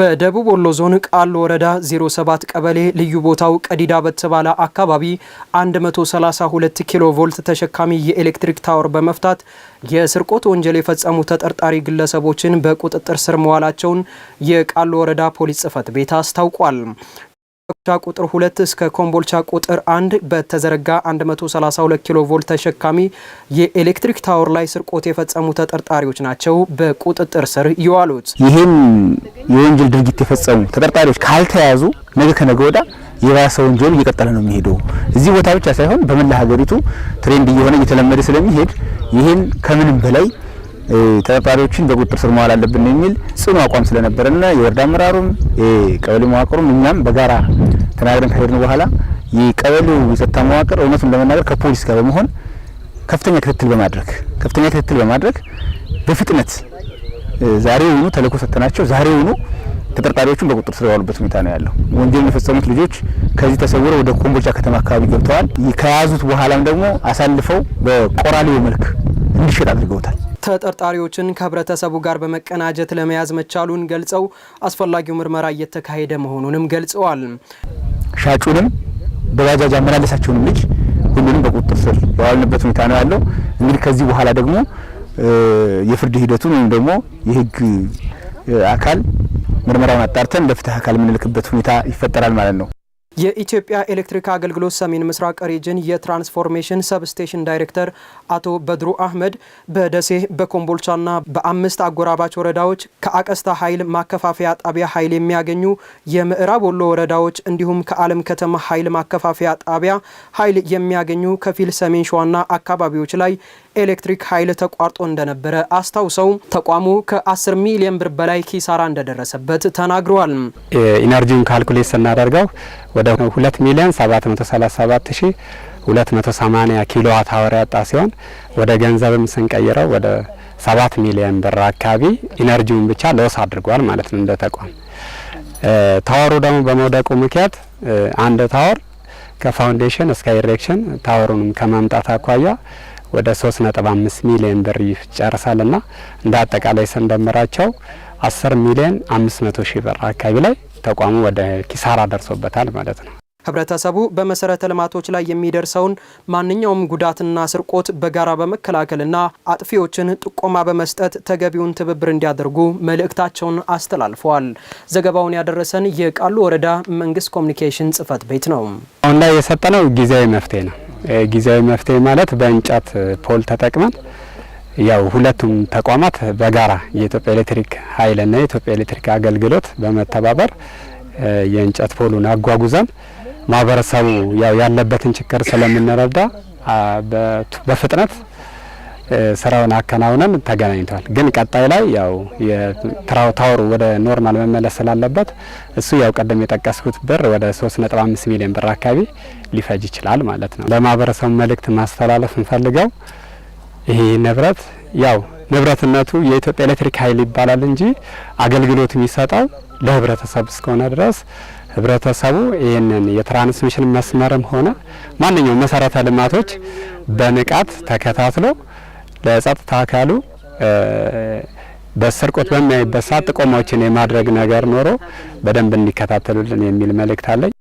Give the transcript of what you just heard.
በደቡብ ወሎ ዞን ቃል ወረዳ 07 ቀበሌ ልዩ ቦታው ቀዲዳ በተባለ አካባቢ 132 ኪሎ ቮልት ተሸካሚ የኤሌክትሪክ ታወር በመፍታት የስርቆት ወንጀል የፈጸሙ ተጠርጣሪ ግለሰቦችን በቁጥጥር ስር መዋላቸውን የቃል ወረዳ ፖሊስ ጽፈት ቤት አስታውቋል። ኮምቦልቻ ቁጥር 2 እስከ ኮምቦልቻ ቁጥር 1 በተዘረጋ 132 ኪሎ ቮልት ተሸካሚ የኤሌክትሪክ ታወር ላይ ስርቆት የፈጸሙ ተጠርጣሪዎች ናቸው በቁጥጥር ስር የዋሉት። ይህም የወንጀል ድርጊት የፈጸሙ ተጠርጣሪዎች ካልተያዙ ነገ ከነገ ወዳ የባሰ ወንጀል እየቀጠለ ነው የሚሄደው። እዚህ ቦታ ብቻ ሳይሆን በመላ ሀገሪቱ ትሬንድ እየሆነ እየተለመደ ስለሚሄድ ይህን ከምንም በላይ ተጠርጣሪዎችን በቁጥጥር ስር መዋል አለብን የሚል ጽኑ አቋም ስለነበረና የወረዳ አመራሩም የቀበሌ መዋቅሩም እኛም በጋራ ተናግረን ከሄድን በኋላ የቀበሌው የጸጥታ መዋቅር እውነቱን ለመናገር ከፖሊስ ጋር በመሆን ከፍተኛ ክትትል በማድረግ ከፍተኛ ክትትል በማድረግ በፍጥነት ዛሬውኑ ተልእኮ ሰጥተናቸው ዛሬውኑ ተጠርጣሪዎቹን በቁጥጥር ስር የዋሉበት ሁኔታ ነው ያለው። ወንጀል የፈጸሙት ልጆች ከዚህ ተሰውረው ወደ ኮምቦልቻ ከተማ አካባቢ ገብተዋል። ከያዙት በኋላም ደግሞ አሳልፈው በቆራሌው መልክ እንዲሸጥ አድርገውታል። ተጠርጣሪዎችን ከህብረተሰቡ ጋር በመቀናጀት ለመያዝ መቻሉን ገልጸው አስፈላጊው ምርመራ እየተካሄደ መሆኑንም ገልጸዋል። ሻጩንም በባጃጅ አመላለሳቸውንም ልጅ ሁሉንም በቁጥጥር ስር የዋልንበት ሁኔታ ነው ያለው። እንግዲህ ከዚህ በኋላ ደግሞ የፍርድ ሂደቱን ወይም ደግሞ የህግ አካል ምርመራውን አጣርተን ለፍትህ አካል የምንልክበት ሁኔታ ይፈጠራል ማለት ነው። የኢትዮጵያ ኤሌክትሪክ አገልግሎት ሰሜን ምስራቅ ሪጅን የትራንስፎርሜሽን ሰብስቴሽን ዳይሬክተር አቶ በድሩ አህመድ በደሴ በኮምቦልቻና በአምስት አጎራባች ወረዳዎች ከአቀስታ ኃይል ማከፋፈያ ጣቢያ ኃይል የሚያገኙ የምዕራብ ወሎ ወረዳዎች እንዲሁም ከዓለም ከተማ ኃይል ማከፋፈያ ጣቢያ ኃይል የሚያገኙ ከፊል ሰሜን ሸዋና አካባቢዎች ላይ ኤሌክትሪክ ኃይል ተቋርጦ እንደነበረ አስታውሰው ተቋሙ ከ10 ሚሊዮን ብር በላይ ኪሳራ እንደደረሰበት ተናግረዋል። ኢነርጂውን ካልኩሌት ስናደርገው ወደ 2 ሚሊዮን 737 280 ኪሎ ዋት አወር ያጣ ሲሆን ወደ ገንዘብም ስንቀይረው ወደ 7 ሚሊዮን ብር አካባቢ ኢነርጂውን ብቻ ለውስ አድርጓል ማለት ነው እንደ ተቋም። ታወሩ ደግሞ በመውደቁ ምክንያት አንድ ታወር ከፋውንዴሽን እስከ ኢሬክሽን ታወሩንም ከማምጣት አኳያ ወደ 3.5 ሚሊዮን ብር ይጨርሳል እንደ አጠቃላይ ስንደምራቸው 10 ሚሊዮን 500 ሺህ ብር አካባቢ ላይ ተቋሙ ወደ ኪሳራ ደርሶበታል ማለት ነው። ህብረተሰቡ በመሰረተ ልማቶች ላይ የሚደርሰውን ማንኛውም ጉዳትና ስርቆት በጋራ በመከላከልና አጥፊዎችን ጥቆማ በመስጠት ተገቢውን ትብብር እንዲያደርጉ መልእክታቸውን አስተላልፈዋል። ዘገባውን ያደረሰን የቃሉ ወረዳ መንግስት ኮሚኒኬሽን ጽህፈት ቤት ነው። አሁን ላይ የሰጠነው ጊዜያዊ መፍትሄ ነው። ጊዜያዊ መፍትሄ ማለት በእንጨት ፖል ተጠቅመን ያው ሁለቱም ተቋማት በጋራ የኢትዮጵያ ኤሌክትሪክ ኃይልና የኢትዮጵያ ኤሌክትሪክ አገልግሎት በመተባበር የእንጨት ፖሉን አጓጉዘን ማህበረሰቡ ያው ያለበትን ችግር ስለምንረዳ በፍጥነት ስራውን አከናውነን ተገናኝቷል። ግን ቀጣይ ላይ ያው የትራው ታወሩ ወደ ኖርማል መመለስ ስላለበት እሱ ያው ቀደም የጠቀስኩት ብር ወደ 3.5 ሚሊዮን ብር አካባቢ ሊፈጅ ይችላል ማለት ነው። ለማህበረሰቡ መልእክት ማስተላለፍ እንፈልገው ይሄ ንብረት ያው ንብረትነቱ የኢትዮጵያ ኤሌክትሪክ ኃይል ይባላል እንጂ አገልግሎት የሚሰጠው ለህብረተሰብ እስከሆነ ድረስ ህብረተሰቡ ይህንን የትራንስሚሽን መስመርም ሆነ ማንኛውም መሰረተ ልማቶች በንቃት ተከታትሎ ለጸጥታ አካሉ በስርቆት በሚያይበት ሰዓት ጥቆማዎችን የማድረግ ነገር ኖሮ በደንብ እንዲከታተሉልን የሚል መልእክት አለኝ።